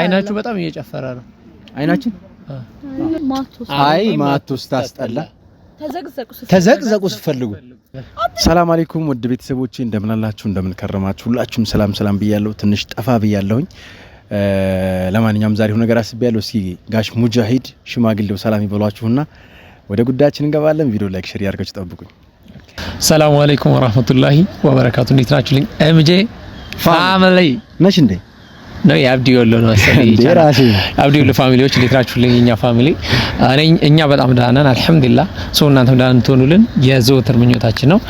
አይናችሁ በጣም እየጨፈረ ነው። አይናችን አይ ማቶስ ታስጠላ። ተዘቅዘቁ ስትፈልጉ። ሰላም አለይኩም ውድ ቤተሰቦቼ እንደምን አላችሁ? እንደምን ከረማችሁ? ሁላችሁም ሰላም ሰላም ብያለሁ። ትንሽ ጠፋ ብያለሁኝ። ለማንኛውም ዛሬው ነገር አስቤያለሁ። እስኪ ጋሽ ሙጃሂድ ሽማግሌው ሰላም ይበሏችሁና ወደ ጉዳያችን እንገባለን። ቪዲዮ ላይክ፣ ሼር ያርጋችሁ ጠብቁኝ። ሰላም አለይኩም ወራህመቱላሂ ወበረካቱ። እንዴት ናችሁ? ኤምጄ ፋሚሊ ነሽ እንዴ? ነው የአብዲ ወሎ ነው መሰለኝ። አብዲ ወሎ ፋሚሊዎች እንዴት ናችሁልኝ? የኛ ፋሚሊ እኛ በጣም ደህና ነን አልሐምዱሊላህ። ሰው እናንተም ደህና እንትሆኑልን የዘወትር ምኞታችን ነው።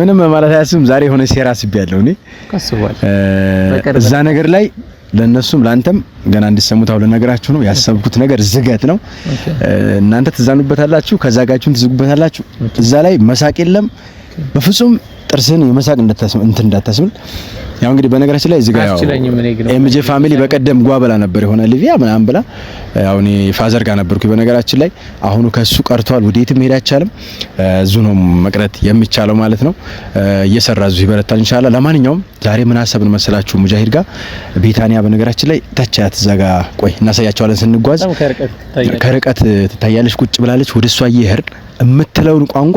ምንም ማለት አያስብም። ዛሬ የሆነ ሴራ አስቤያለሁ እኔ እዛ ነገር ላይ ለነሱም ለአንተም ገና እንድሰሙት አሁን ልነግራችሁ ነው። ያሰብኩት ነገር ዝገት ነው። እናንተ ትዛኑበታላችሁ፣ ከዛጋችሁን ትዝጉበታላችሁ። እዛ ላይ መሳቅ የለም በፍጹም ጥርስን የመሳቅ እንት እንዳታስብል። ያው እንግዲህ በነገራችን ላይ እዚህ ጋር ኤምጄ ፋሚሊ በቀደም ጓበላ ነበር የሆነ ሊቪያ ምናምን ብላ ያው እኔ ፋዘር ጋር ነበርኩ። በነገራችን ላይ አሁኑ ከሱ ቀርቷል፣ ወዴትም መሄድ አይቻልም። እዙ ነው መቅረት የሚቻለው ማለት ነው። እየሰራ እዙ ይበረታል ኢንሻአላ። ለማንኛውም ዛሬ ምን ሀሳብን መሰላችሁ ሙጃሂድ ጋር ቢታኒያ በነገራችን ላይ ተቻያት እዛ ጋ ቆይ እናሳያቸዋለን። ስንጓዝ ከርቀት ትታያለች፣ ቁጭ ብላለች። ወደ እሷ እየሄድን የምትለውን ቋንቋ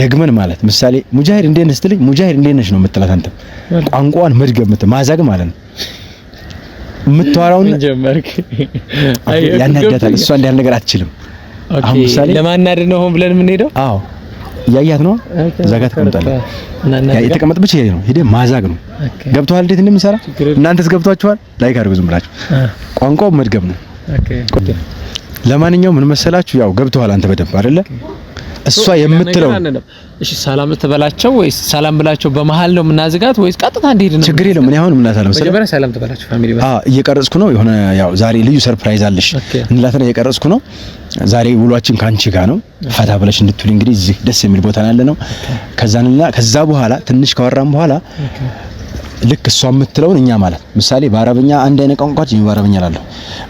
ደግመን ማለት ምሳሌ ሙጃሂድ እንዴት ነህ ስትልኝ ሙጃሂድ እንዴት ነሽ ነው የምትላት አንተ። ቋንቋዋን መድገም ማዛግ ማለት ነው። የምታወራውን ያናዳታል። እሷ እንዲህ ያለ ነገር አትችልም። አሁን ምሳሌ ለማናደድ ነው ሆን ብለን የምንሄደው። አዎ እያያት ነው። እዛ ጋር ተቀምጣለህ። የተቀመጥ ብቻ ይሄ ነው ሄደ ማዛግ ነው። ገብቶሃል? እንዴት እንደምሰራ እናንተስ ገብቷችኋል? ላይክ አድርጉ ዝም ብላችሁ። ቋንቋው መድገም ነው። ለማንኛውም ምን መሰላችሁ፣ ያው ገብቶሃል አንተ በደንብ አይደለ እሷ የምትለው እሺ፣ ሰላም ልትበላቸው ወይስ ሰላም ብላቸው በመሀል ነው የምናዝጋት ወይስ ቀጥታ እንዲሄድ ነው? ችግር የለም። እኔ አሁን ምናታለም መጀመሪያ ሰላም ትበላቸው ፋሚሊ በቃ አዎ፣ እየቀረጽኩ ነው። የሆነ ያው ዛሬ ልዩ ሰርፕራይዝ አለሽ ነው። እየቀረጽኩ ነው። ዛሬ ውሏችን ካንቺ ጋር ነው። ፈታ ብለሽ እንድትውል እንግዲህ እዚህ ደስ የሚል ቦታ ያለ ነው። ከዛንና ከዛ በኋላ ትንሽ ካወራን በኋላ ልክ እሷ የምትለውን እኛ ማለት ምሳሌ በአረብኛ አንድ አይነት ቋንቋ ነው። በአረብኛ እላለሁ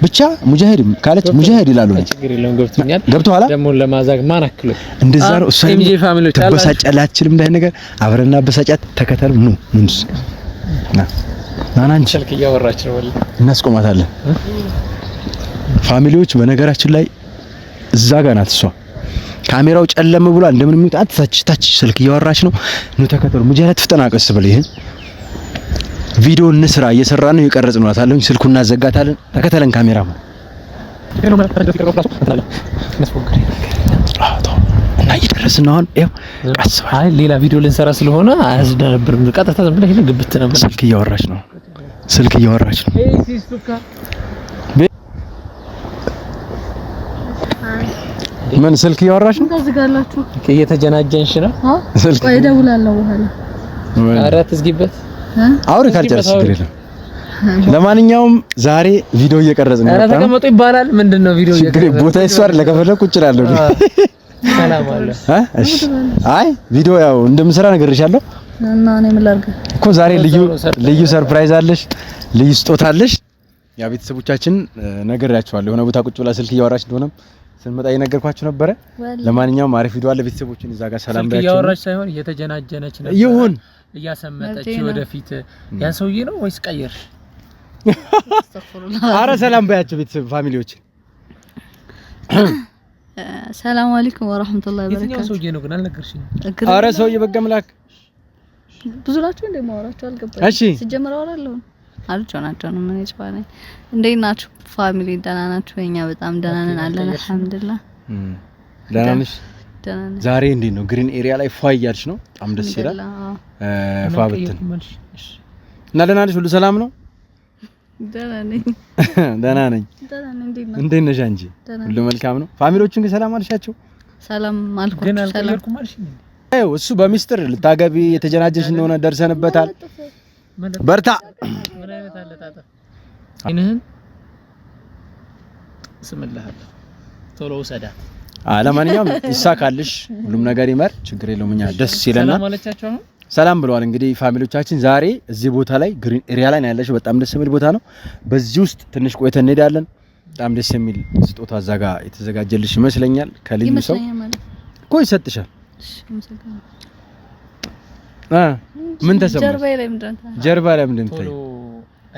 ብቻ ሙጃሂድ ካለች ሙጃሂድ ይላሉ። ልጅ ገብቶሃል? ደሞ ለማዛግ ማን አክሎ እንደዛ ነው። እሷ ኤምጂ ፋሚሊ ተበሳጫላችንም እንዳይ ነገር አብረና በሳጫት ተከተል ኑ ምንስ ና ናና አንቺ ስልክ እያወራች ነው ወል እናስቆማታለን። ፋሚሊዎች በነገራችን ላይ እዛ ጋር ናት እሷ ካሜራው ጨለም ብሏል። እንደምንም ይውጣ ታች ታች ስልክ እያወራች ነው። ኑ ተከተሉ። ሙጃሂድ ፍጠና ቀስ ብለ ይሄን ቪዲዮ እንስራ፣ እየሰራ ነው፣ የቀረጽን አታለኝ። ስልኩን እናዘጋታለን። ተከተለን ካሜራው እና እየደረስን አሁን። ቀስ ሌላ ቪዲዮ ልንሰራ ስለሆነ አያስደነብርም። ቀጥታ ዝም ብለህ ግብት ነበር። ስልክ እያወራች ነው፣ ስልክ እያወራች ነው። ምን ስልክ እያወራች ነው? እየተጀናጀንሽ ነው። ስልክ እደውላለሁ በኋላ። ኧረ አትዝጊበት አውሪ ካልጨረስሽ ችግር የለም። ለማንኛውም ዛሬ ቪዲዮ እየቀረጽ ነው። ኧረ ተቀመጡ ይባላል። ምንድን ነው ቪዲዮ እየቀረጽ ቦታ ይሷር ለከፈለኩ እችላለሁ። ሰላም አይ ቪዲዮ ያው እንደምሰራ ነግሬሻለሁ እና እኔ ምን ላድርግ እኮ ዛሬ ልዩ ልዩ ሰርፕራይዝ አለሽ፣ ልዩ ስጦታ አለሽ። ያ ቤተሰቦቻችን ነግሬያቸዋለሁ። የሆነ ቦታ ቁጭ ብላ ስልክ እያወራች እንደሆነም ስንመጣ እየነገርኳችሁ ነበረ። ለማንኛውም አሪፍ ቪዲዮ አለ። ቤተሰቦችን እዛ ጋር ሰላም ብያችሁ እያወራች ሳይሆን እየተጀናጀነች ነበር ይሁን እያሰመጠች ወደፊት ያን ሰውዬ ነው ወይስ ቀየር? አረ ሰላም ባያቸው ቤተሰብ ፋሚሊዎች፣ ሰላም አለይኩም ወራህመቱላሂ ወበረካቱ። የትኛው ሰውዬ ነው ግን አልነገርሽኝ። አረ ሰውዬ በገምላክ ምላክ ብዙ ናቸው እንደ ማወራቸው አልገባኝም። እሺ ሲጀምር አወራለሁ አልቸው ናቸው ነው ምን ይችላል። እንዴት ናችሁ ፋሚሊ? ደህና ናችሁ? እኛ በጣም ደህና ነን አለን አልሐምዱሊላህ። ደህና ነሽ? ዛሬ እንዴት ነው? ግሪን ኤሪያ ላይ ፏ እያልሽ ነው። በጣም ደስ ይላል። ፏ ብትን እና ደህና ነሽ? ሁሉ ሰላም ነው? ደህና ነኝ። እንዴት ነሽ አንቺ? ሁሉ መልካም ነው። ፋሚሊዎቹን ግን ሰላም አልሻቸው? ሰላም አልኳቸው። እሱ በሚስጥር ልታገቢ የተጀናጀሽ እንደሆነ ደርሰንበታል። በርታ ስምልሃለሁ። ቶሎ ውሰዳት ለማንኛውም ይሳካልሽ፣ ሁሉም ነገር ይመር፣ ችግር የለውም። እኛ ደስ ይለናል። ሰላም ብለዋል። እንግዲህ ፋሚሊዎቻችን ዛሬ እዚህ ቦታ ላይ ግሪን ኤሪያ ላይ ያለሽ በጣም ደስ የሚል ቦታ ነው። በዚህ ውስጥ ትንሽ ቆይተን እንሄዳለን። በጣም ደስ የሚል ስጦታ እዛ ጋ የተዘጋጀልሽ ይመስለኛል። ከልዩ ሰው እኮ ይሰጥሻል። ምን ተሰማ? ጀርባ ላይ ምንድን ነው?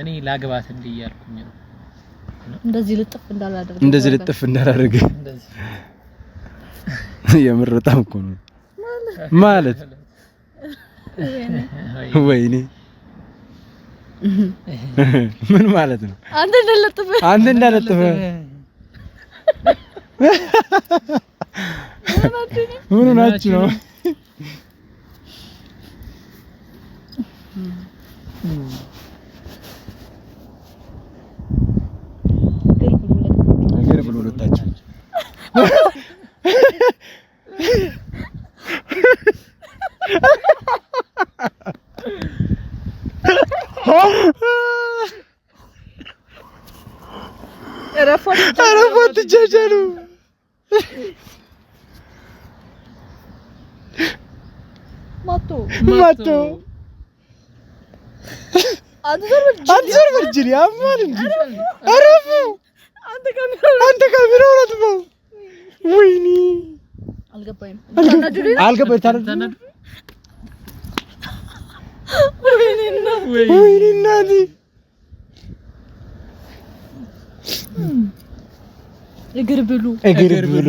እኔ ላግባት እንዲያልኩኝ ነው። እንደዚህ ልጥፍ እንዳላደርግ እንደዚህ ልጥፍ እንዳላደርግ የምር በጣም እኮ ነው ማለት ወይኔ ምን ማለት ነው? አንተ እንዳለጥፈ አንተ እንዳለጥፈ ምን ሆናችሁ ነው? ነገር ብሎ ወጣችሁ መጡ። አንዞር በርጅል ያማል እንጂ አረፉ። አንተ ካሜራው አጥፎ ወይኒ አልገባኝም። ወይኒ እግር ብሉ፣ እግር ብሉ፣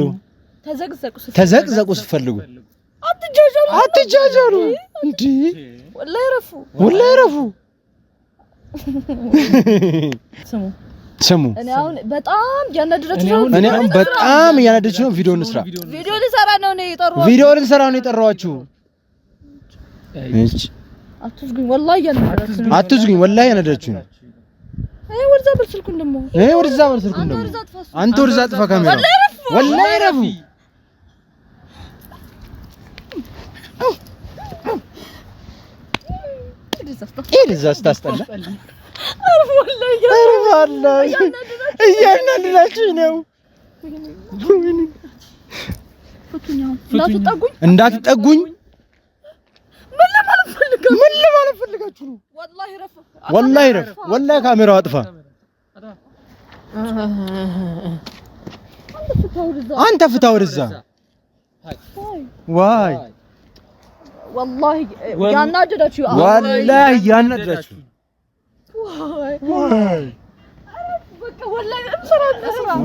ተዘቅዘቁ ስትፈልጉ አትጃጃሉ። እንዲ ወላሂ ረፉ፣ ወላሂ ረፉ። ስሙ ስሙ እኔ አሁን በጣም ያናደደች ነው። እኔ አሁን በጣም ያናደደች ነው። ቪዲዮ እንስራ፣ ቪዲዮ ልንሰራ ነው ነው የጠራው፣ ቪዲዮ ልንሰራ ነው የጠራዋችሁ። እሺ አትዝጉኝ፣ ወላሂ ያናደደች ነው። አትዝጉኝ፣ ወላሂ ያናደደች ነው። አይ ወርዛ በል ስልኩን ደግሞ፣ አይ ወርዛ በል ስልኩን ደግሞ። አንተ ወርዛ ጥፋ ካሜራ፣ ረፉ፣ ወላሂ ረፉ ይሄን እዛ ስታስጠላ እያናድዳችሁኝ ነው። እንዳትጠጉኝ ምን ለማለት ፈልጋችሁ ነው? ወላሂ ረፍ ወላሂ ካሜራው አጥፋ። አንተ ፍታው ወደዛ ዋይ ወላሂ ያናደዳችሁ፣ ወላሂ ያናደዳችሁ።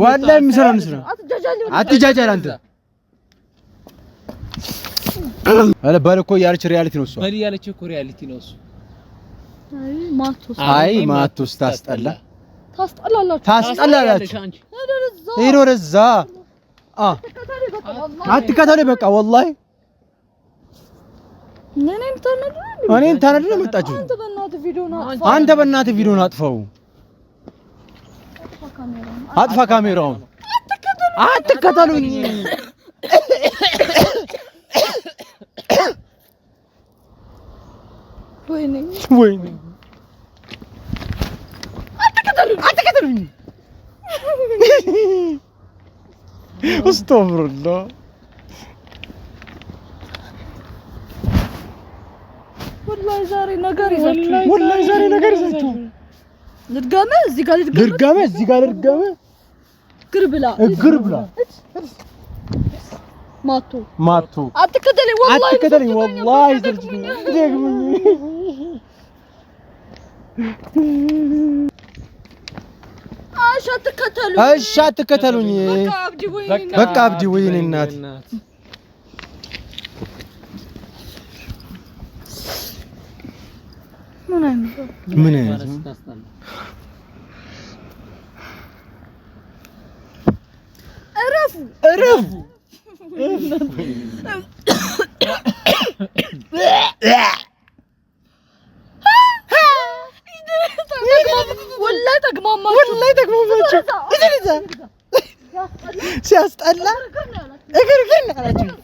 ወላሂ የሚሰራውን ስራ አትጃጃል አንተ። በል እኮ ያለች ሪያሊቲ ነው እሷ። በል ያለች እኮ ሪያሊቲ ነው እሱ። አይ ማቶስ ታስጠላ፣ ታስጠላላችሁ፣ ሂድ በቃ ወላሂ እኔን ታነዱ ነው የመጣችሁ። አንተ በእናትህ ቪዲዮን አጥፋው፣ አጥፋ ካሜራውን። አትከተሉኝ። ወይኔ ወይኔ፣ አትከተሉኝ፣ ወላሂ ዛሬ ነገር ልድገመ እዚህ ጋር ልድገመ እግር ብላ እግር ብላ ማቶ ማቶ አትከተለኝ፣ ወላሂ አትከተለኝ፣ ወላሂ ይዘልኝ ደግሞኝ አሻ አትከተሉኝ፣ አሻ አትከተሉኝ። በቃ አብዲ ወይኔ እናት ምን አይነት እረፉ እረፉ ወላሂ ተግማማ ወላሂ ተግማማችሁ ሲያስጠላ እግር ግን አላችሁ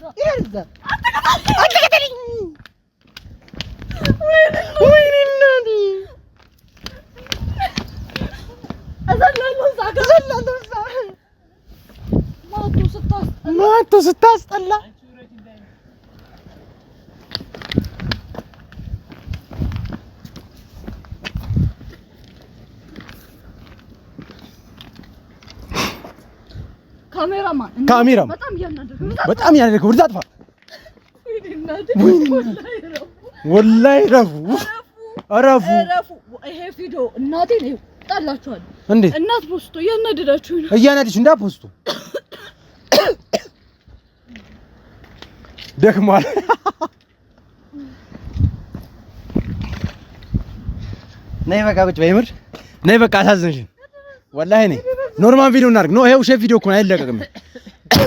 ስታስጠላ ካሜራማን በጣም ያደረገ ወደ አጥፋ ወላሂ ረፉ ረፉ ይሄ ቪዲዮ እናቴን ጣላችኋል። እንዴት እናት ፖስቶ እያናደዳችሁ ነው። እያናደች እንዳፖስቱ ደክሟል። ነይ በቃ ቁጭ በይ። ምር ነይ በቃ አሳዝንሽን። ወላሂ ነይ ኖርማል ቪዲዮ እናድርግ። ኖ ይሄ ውሸት ቪዲዮ እኮ ነው፣ አይለቀቅም።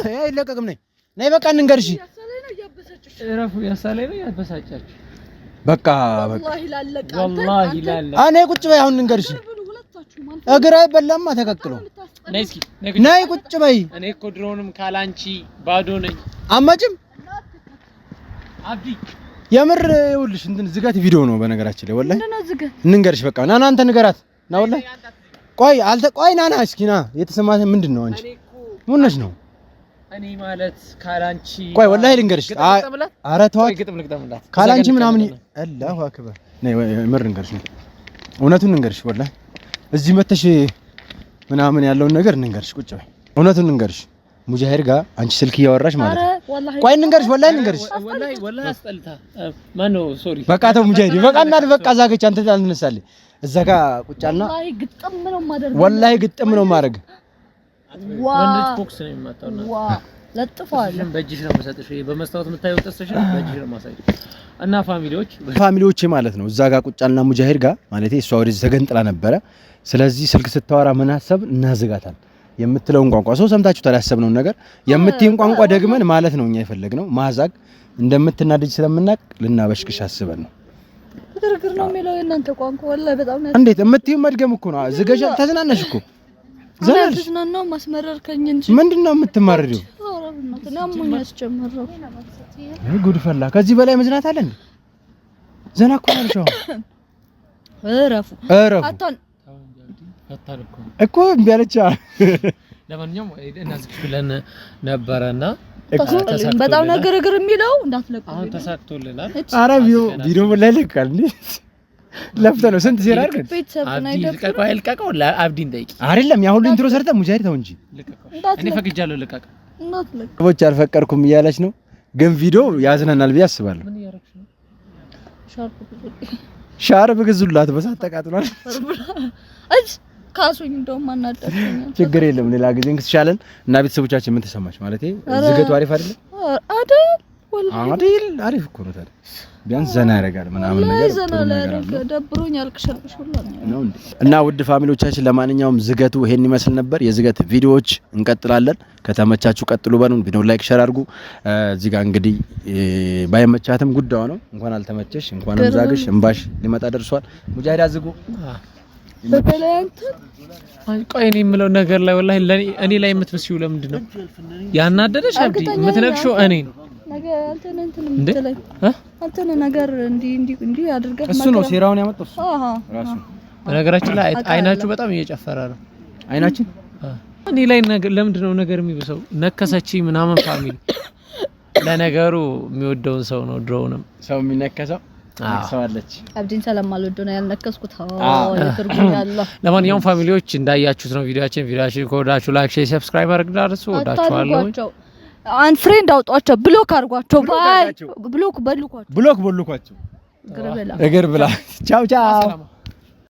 ይሄ አይለቀቅም። ነይ ነይ በቃ እንንገርሽ። እረፉ። ያሳለኝ ነው ያበሳጫችሁ። በቃ በቃ ወላሂ ላለቀ። እኔ ቁጭ በይ አሁን እንንገርሽ። እግር አይበላማ ተቀቅሎ። ነይ ቁጭ በይ። እኔ እኮ ድሮውንም ካላንቺ ባዶ ነኝ። አመጭም የምር ይኸውልሽ እንትን ዝጋት ቪዲዮ ነው። በነገራችን ላይ ወላሂ እንንገርሽ፣ በቃ ና ና፣ አንተ ንገራት ና። ወላሂ ቆይ አልተ ቆይ ና ና፣ እስኪ ና። የተሰማህ ምንድን ነው? አንቺ ምን ነው? እኔ ማለት ካላንቺ ቆይ ወላሂ ልንገርሽ፣ ኧረ ተው ካላንቺ ምናምን አላሁ አክበር። ነይ የምር እንገርሽ እውነቱን እንገርሽ። ወላሂ እዚህ መተሽ ምናምን ያለውን ነገር እንንገርሽ፣ ቁጭ በይ፣ እውነቱን እንገርሽ ሙጃሄር ጋር አንቺ ስልክ እያወራሽ ማለት ነው። ቆይ እንንገርሽ፣ ወላሂ እንንገርሽ፣ በቃ ተው ሙጃሄድ፣ በቃ እናት፣ በቃ ዛገች። አንተ አልነሳልኝ እዛ ጋ ቁጫና፣ ወላሂ ግጥም ነው ማድረግ እና ፋሚሊዎች ማለት ነው። እዛ ጋ ቁጫና ሙጃሄድ ጋር ማለት እሷ ወደዚህ ተገንጥላ ነበረ። ስለዚህ ስልክ ስታወራ ምን ሀሳብ እናዝጋታል የምትለውን ቋንቋ ሰው ሰምታችሁታል፣ ያሰብነውን ነገር የምትይን ቋንቋ ደግመን ማለት ነው እኛ የፈለግነው። ማዛግ እንደምትናደጅ ስለምናቅ ልናበሽቅሽ አስበን ነው። ግርግር ነው የሚለው የእናንተ ቋንቋ። ወላሂ በጣም እንዴት የምትይን መድገም እኮ ነው። ዝገሻ ተዝናነሽ እኮ ተዝናናው። ማስመረርከኝ እንጂ ምንድን ነው የምትማርሪው? ጉድ ፈላ። ከዚህ በላይ መዝናት አለን? ዘና እኮ ነው። እረፉ እረፉ። እኮ እምቢ አለች። ለማንኛውም እናዚህ ብለን ነበረና በጣም ነገር እግር የሚለው እንዳትለቅ አሁን ተሳክቶልናል። ኧረ ቪዲዮ ላይ ይለቃል እንዴ? ለፍተህ ነው ስንት ሴራ አድርገን ልቀቀው። አብዲን ጠይቂ አይደለም ያ ሁሉ ኢንትሮ ሰርተ ሙጃሂድ ተው እንጂ እኔ ፈቅጃለሁ። ልቀቀው ቦች አልፈቀድኩም እያለች ነው፣ ግን ቪዲዮ ያዝናናል ብዬ አስባለሁ። ሻርፕ ግዙላት በሳት ተቃጥሏል። ካሱኝ እንደውም አናደርኩኝ። ችግር የለም ሌላ ጊዜ እንክስሻለን። እና ቤተሰቦቻችን ምን ተሰማች ማለት ዝግቱ አሪፍ አይደለም አይደል? አይደል? አሪፍ እኮ ነው። ታዲያ ቢያንስ ዘና ያደርጋል ምናምን ነገር ዘና ያደርጋል። ደብሮኝ አልቅሻለሽ ሁላ ነው እንዴ። እና ውድ ፋሚሊዎቻችን ለማንኛውም ዝገቱ ይሄን ይመስል ነበር። የዝገት ቪዲዮዎች እንቀጥላለን። ከተመቻችሁ ቀጥሉ በሉን። ቪዲዮ ላይክ፣ ሼር አድርጉ። እዚህ ጋር እንግዲህ ባይመቻትም ጉዳዩ ነው። እንኳን አልተመቸሽ፣ እንኳን አልዛግሽ፣ እንባሽ ሊመጣ ደርሷል። ሙጃሂድ አዝጉ ቆይ እኔ የምለው ነገር ላይ ወላሂ እኔ ላይ የምትመስይው ለምንድን ነው ያናደደሽ? አብዲ የምትነግሺው እኔ ነው እሱ ነው ሴራውን ያመጣው በነገራችን ላይ አይናችሁ በጣም እየጨፈረ ነው። አይናችን እኔ ላይ ለምንድን ነው ነገር የሚብሰው? ነከሰች ምናምን ፋሚሊ ለነገሩ የሚወደውን ሰው ነው ድሮውንም ሰው የሚነከሰው ሰዋለች አብዲን ሰላም አልወዶ ነው ያልነከስኩት። ትርጉም ያለው ለማንኛውም ፋሚሊዎች እንዳያችሁት ነው ቪዲዮችን ቪዲዮችን ከወዳችሁ ላይክ፣ ሼር፣ ሰብስክራይብ አድርግ ዳርሱ ወዳችኋለሁ። አንድ ፍሬንድ አውጧቸው፣ ብሎክ አድርጓቸው፣ ባይ ብሎክ በልኳቸው፣ ብሎክ በልኳቸው። እግር ብላ ቻው ቻው።